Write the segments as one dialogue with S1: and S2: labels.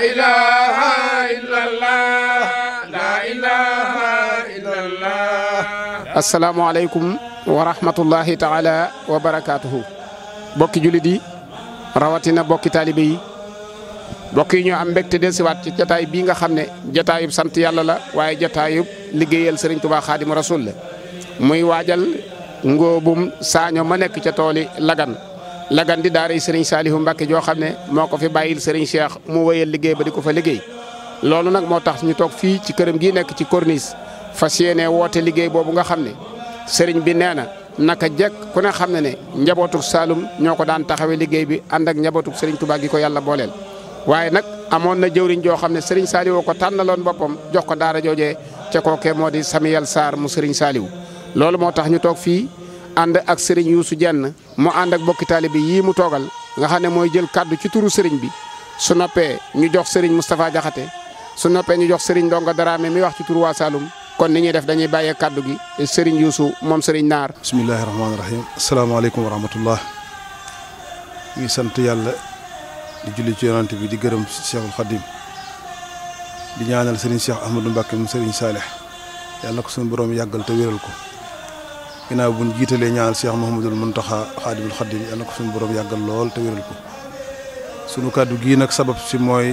S1: ilaha illallah la ilaha illallah asalaamaaleykum wa rahmatullahi taala wa barakaatuhu bokki jullit rawatina bokki taalibe yi bokk yi ñoo am mbégte dellusiwaat ci jataay bii nga xam ne jataayub sant yàlla la waaye jataayub liggéeyal sëriñ Tuubaa Xaadimu Rasuul la muy waajal ngóobum saaño ma nekk ca tooli lagan Lagane di daara Serigne Saliou Mbacke joo xam ne moo ko fi bàyyil Serigne Cheikh mu wéyal liggéey ba di ko fa liggéey loolu nag moo tax ñu toog fii ci këram gi nekk ci corniche fas yéene woote liggéey boobu nga xam ne Serigne bi nee na naka jekk ku ne xam ne ne njabootuk Saloum ñoo ko daan taxawee liggéey bi ànd ak njabootuk Serigne Touba gi ko yàlla booleel. waaye nag amoon na jëwriñ joo xam ne Serigne saaliwoo ko tànnaloon boppam jox ko daara joojee ca kookee moo di Samuel Sarr mu Serigne Saliou ànd ak sëriñ Youssou Dieng mu ànd ak bokki taalibe yii mu toogal nga xam ne mooy jël kàddu ci turu sëriñ bi su noppee ñu jox sëriñ Moustapha jaxate su noppee ñu jox sëriñ Ndonga Daraame mi wax ci turu waa Saloum kon ni ñuy def dañuy bàyyee kàddu gi sëriñ Youssou moom sëriñ Naar.
S2: bismillahi rahmaani rahim asalaamaaleykum wa rahmatullah ñu sant yàlla di julli ci yonante bi di gërëm Cheikhul Khadim di ñaanal sëriñ Cheikh Ahmadou Mbacke mu sëriñ Saleh yàlla ko suñu borom yàggal te wéral ko. ginnaaw bu ñu jiitalee ñaanal Cheikh Mouhamadul Mountakha Xaadimul Xaadim yal na ko suñu borom yàggal lool te wéral ko sunu kàddu gii nag sabab si mooy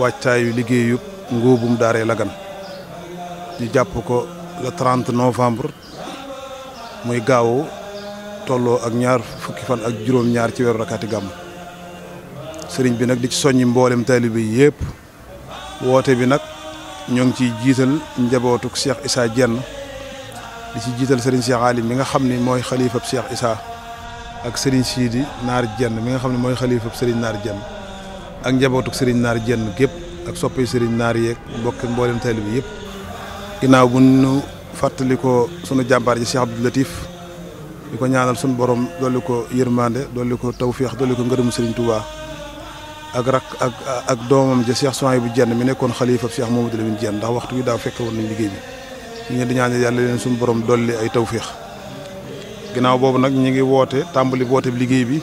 S2: waajtaayu liggéeyub ngóobum daaree Lagane ñu jàpp ko le 30 novembre muy gaaw tolloo ak ñaar fukki fan ak juróom-ñaar ci weeru gàmm sëriñ bi nag di ci soññi mboolem taalibe yi yëpp woote bi nag ñoo ngi ciy jiital njabootuk Cheikh Issa Dieng. li si jiital sëriñ Cheikh Ali mi nga xam ni mooy xalifab Cheikh Issa ak sëriñ Sidi Naar Jenn mi nga xam ne mooy xalifab sëriñ Naar Jenn ak njabootuk sëriñ Naar Jenn gépp ak soppi sëriñ Naar yeeg mbokk mboolem bi yëpp ginnaaw bu nu fàttali ko sunu jàmbaar ji Cheikh Abdou Latif di ko ñaanal borom dolli ko yërmande dolli ko tawféex dolli ko ngërëmu sëriñ Touba ak ak ak doomam ja Cheikh Souhaïbou Jenn mi nekkoon xalifab Cheikh Mamadou Lamine Jenn ndax waxtu wi daaw fekke woon nañ liggéey bi ñu di ñaan yàlla leen suñu borom dolli ay tawféex ginnaaw boobu nag ñu ngi woote tàmbali woote liggéey bi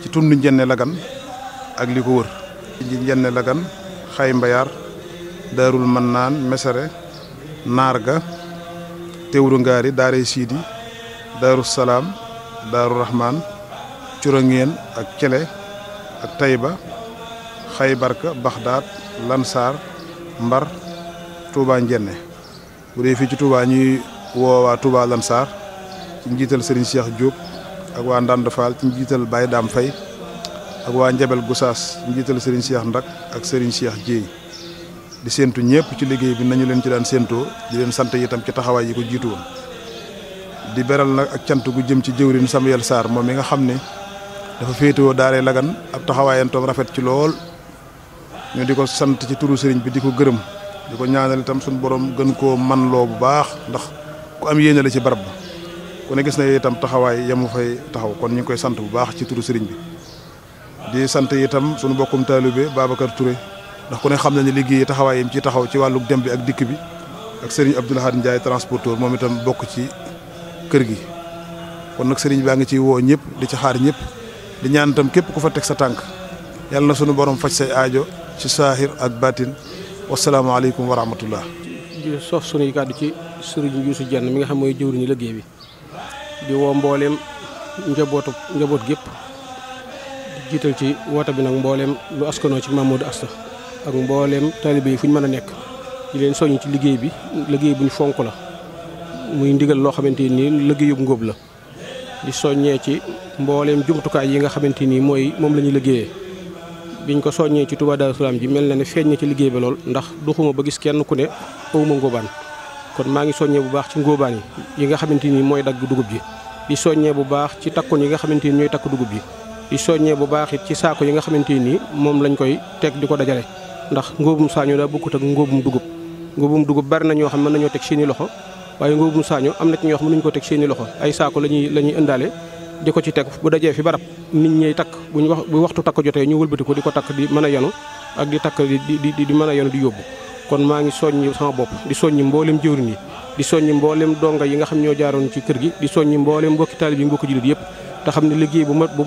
S2: ci tund Njenne Lagan ak li ko wër. ci Njenne Lagan Xay Mbayaar Daarul Mannaan Mesere Naarga Teewlu Ngaari Daaray Siidi Daaru Salaam Daaru Rahmaan Curangeen ak Cele ak Tayba Xay Barka Baxdaat Lansaar Mbar Touba Njenne bu dee fii ci Touba ñuy woo waa Touba Lansar ci njiital Serigne Cheikh Diop ak waa Ndande Fall ci njiital Baye daam fay ak waa Njabel Goussaas ci njiital Serigne Cheikh Ndak ak Serigne Cheikh Dieye di séentu ñëpp ci liggéey bi nañu leen ci daan séentoo di leen sant itam ci taxawaay yi ko jiitu woon di beral nag ak cant gu jëm ci jëwrin Samuel Sarr moom mi nga xam ne dafa féetewoo daaree Lagan ab taxawaayantoom rafet ci lool ñu di ko sant ci turu sëriñ bi di ko gërëm di ko ñaanal itam suñu borom gën koo man loo bu baax ndax ku am yéene la ci barab ba ku ne gis na itam taxawaay yamu fay taxaw kon ñu ngi koy sant bu baax ci turu sëriñ bi di sant itam suñu bokkum taalibe Babacar Touré ndax ku ne xam na ne liggéey taxawaay yim ci taxaw ci wàllu dem bi ak dikk bi ak sëriñ Abdoul Ahad Ndiaye transporteur moom itam bokk ci kër gi kon nag sëriñ baa ngi ciy woo ñëpp di ci xaar ñëpp di ñaan itam képp ku fa teg sa tànk yàlla na sunu borom faj say aajo ci saahir ak baatin wasalaamaaleykum wa rahmatullah di sof sunuy kàddu ci sëriñ Yuusu Jenn mi nga xam mooy jëwriñu liggéey bi
S3: di woo mbooleem njabootu njaboot gépp jiital ci woote bi nag mbooleem lu askanoo ci Mamadou Asta ak mbooleem taalibe yi fu ñu mën a nekk di leen soññ ci liggéey bi liggéey bu ñu fonk la muy ndigal loo xamante ni liggéeyub ngóob la di soññee ci mbooleem jumtukaay yi nga xamante nii mooy moom la ñuy liggéeyee biñ ko soññee ci tubaa Darou Salaam ji mel na ne feeñ na ci liggéey ba lool ndax duxuma ba gis kenn ku ne awuma ngóobaan kon maa ngi soññee bu baax ci ngóobaan yi nga xamante ni mooy dagg dugub ji di soññee bu baax ci takkoon yi nga xamante ni ñooy takk dugub ji di soññee bu baax it ci saako yi nga xamante nii moom lañ koy teg di ko dajale ndax ngóobum saañu daa bokkut ak ngóobum dugub ngóobum dugub bari na ñoo xam mën nañoo teg seeni loxo waaye ngóobum saaño am na ci ñoo xam mënuñu ko teg seeni loxo ay saako lañuy la ñuy ëndaale di ko ci teg bu dajee fi barab nit ñiy takk bu ñu wax bu waxtu takk jotee ñu wëlbati ko di ko takk di mën a yanu ak di takk di di di mën a yanu di yóbbu. kon maa ngi soññi sama bopp di soññi mboolem jëwriñ yi di soññi mboolem donga yi nga xam ñoo jaaroon ci kër gi di soññi mboolem mbokki taalib yi mbokki jullit yëpp. te xam ne liggéey bu mat bu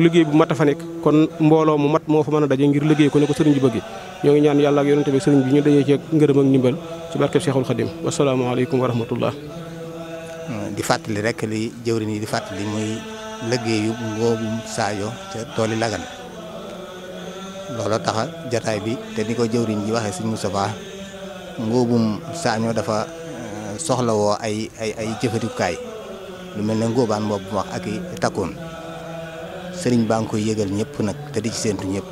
S3: liggéey bu mat a fa nekk kon mbooloo mu mat moo fa mën a daje ngir liggéey ko ne ko sëriñ bi bëggee ñoo ngi ñaan yàlla ak yonente bi sëriñ bi ñu dajee ci ngërëm ak ndimbal ci barkeb Seexul
S1: di fàttali rek li jëwriñ yi di fàttali muy liggéeyu ngóobum saajo ca tooli Lagane looloo taxa jataay bi te di ko jëwriñ ji waxee Serigne Moustapha ngóobum saaño dafa eh, soxlawoo ay ay ay lu mel ne ngóobaan boobu mu wax ak i takkoon sëriñ baa ngi koy yëgal ñëpp nag te di ci séentu ñëpp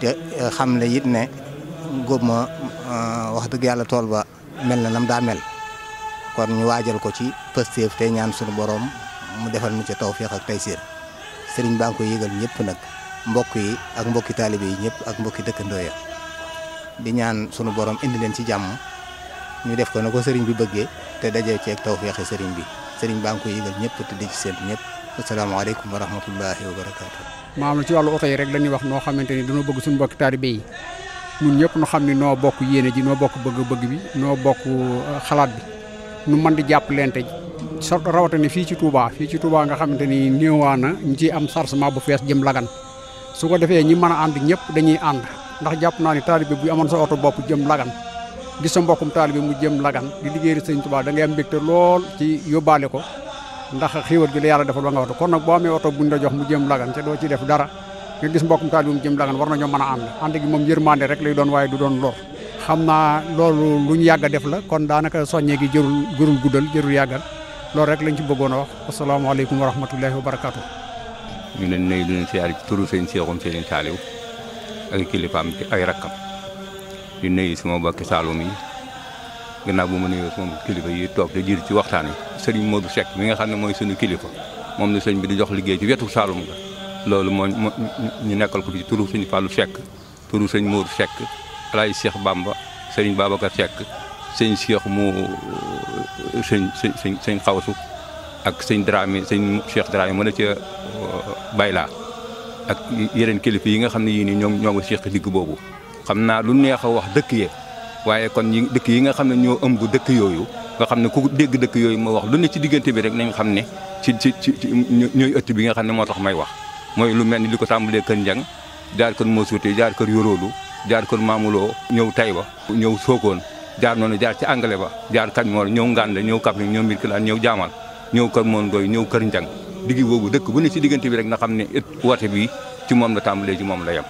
S1: te eh, xam le it ne ngóob ma eh, wax dëgg yàlla tool ba mel na nam daa mel kon ñu waajal ko ci pësteef te ñaan suñu boroom mu defal nu ci tawféex ak taysiir sëriñ baa ngi koy yëgal ñëpp nag mbokk yi ak mbokki taalibe yi ñëpp ak mbokki dëkkandoo ya di ñaan sunu borom indi leen ci jàmm ñu def ko na ko sëriñ bi bëggee te daje ceeg tawféexi sëriñ bi sëriñ baa ngi koy yëgal ñëpp te di ci séntu ñëpp asalaamaaleykum wa rahmatullahi wa barakaatu.
S3: maam ci wàllu oto yi rek la wax noo xamante ni dañoo bëgg suñu mbokki taalibe yi ñun ñëpp ñu xam ni noo bokk yéene ji noo bokk bëgg-bëgg bi noo bokk euh, xalaat bi nu mën di jàppalante so rawatina fii ci Touba fii ci Touba nga xamante ni néewaa na ñu ciy am chargement bu fees jëm lagan su ko defee ñi mën a ànd ñëpp dañuy ànd ndax jàpp naa ni taalibe bu amoon sa oto bopp jëm lagan gis sa mbokkum taalibe mu jëm lagan di liggéey sëñ Touba da ngay am mbégte lool ci yóbbaale ko ndax xéewal gi la yàlla defal ba nga oto kon nag boo amee oto buñ la jox mu jëm lagan te doo ci def dara nga gis mbokkum taalibe mu jëm lagan war mën a ànd ànd gi moom yërmande rek lay doon waaye du doon lor xam naa loolu lu ñu yàgg def la kon daanaka soññe gi jërul jërul guddal jërul yàggal loolu rek lañ ci bëggoon a wax asalaamaaleykum wa rahmatullahi wa barakaatu.
S4: ñu leen nuyu di leen ci turu seen seexum seen saaliw ak kilifaam ci ay rakkam di nuyu sama mbokki Saalum yi gannaaw bu ma nuyoo sama kilifa yi toog ci waxtaan wi sëriñ Modou Seck mi nga xam ne mooy suñu kilifa moom la sëñ bi di jox liggéey ci wetu Saalum ga ñu nekkal ko fi ci turu suñu Fallou Seck turu sëñ Modou sekk alaay Cheikh Bamba sëriñ Babacar Seck sëñ Cheikh mu sëñ sëñ sëñ xawsu ak sëñ Dramé sëñ Cheikh Dramé mën na ca uh, baylaa ak yeneen kilifa yi nga xam ne yii nii ñoom ñoo ngi Cheikh digg boobu xam naa lu neex a wax dëkk yee waaye kon ñi dëkk yi nga xam ne ñoo ëmb dëkk yooyu nga xam ne ku dégg dëkk yooyu ma wax lu ne ci diggante bi rek nañ xam ne ci ci ci ñooy ëtt bi nga xam ne moo tax may wax mooy lu mel ni li ko tàmbulee kër njang jaar kër Mosuute jaar kër Yoroolu jaar kër Maamuloo ñëw Taïba ñëw Sokone jaar noonu jaar ci Angale ba jaar Kañmoor ñëw Ngande ñëw Kaffrine ñëw Mbirkilaan ñëw Jaamal ñëw kër Moongoy ñëw kër Njang diggi boobu dëkk bu ne ci diggante bi rek na xam ne it woote bi ci moom la tàmbalee ci moom la yem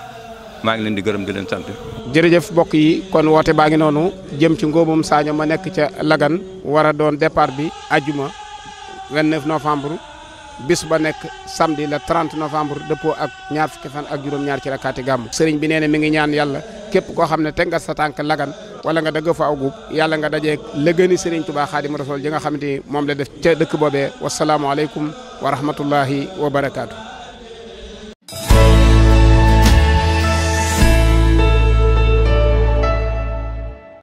S4: maa ngi leen di gërëm di leen sant.
S1: jërëjëf mbokk yi kon woote baa ngi noonu jëm ci ngóobum Saño ma nekk ca Lagan war a doon départ bi ajuma 29 novembre. bis ba nekk samedi la 30 novembre dëppoo ak ñaar fukki fan ak juróom-ñaar ci rakkaati gàmm sëriñ bi nee na mi ngi ñaan yàlla képp koo xam ne teg nga sa tànk lagan wala nga dëgg fa agub yàlla nga dajeeg lëgëni sëriñ Tuubaa Xaadimu Rasuul ji nga xamante ni moom la def ca dëkk boobee wasalaamualeykum wa rahmatullahi wa barakaatu.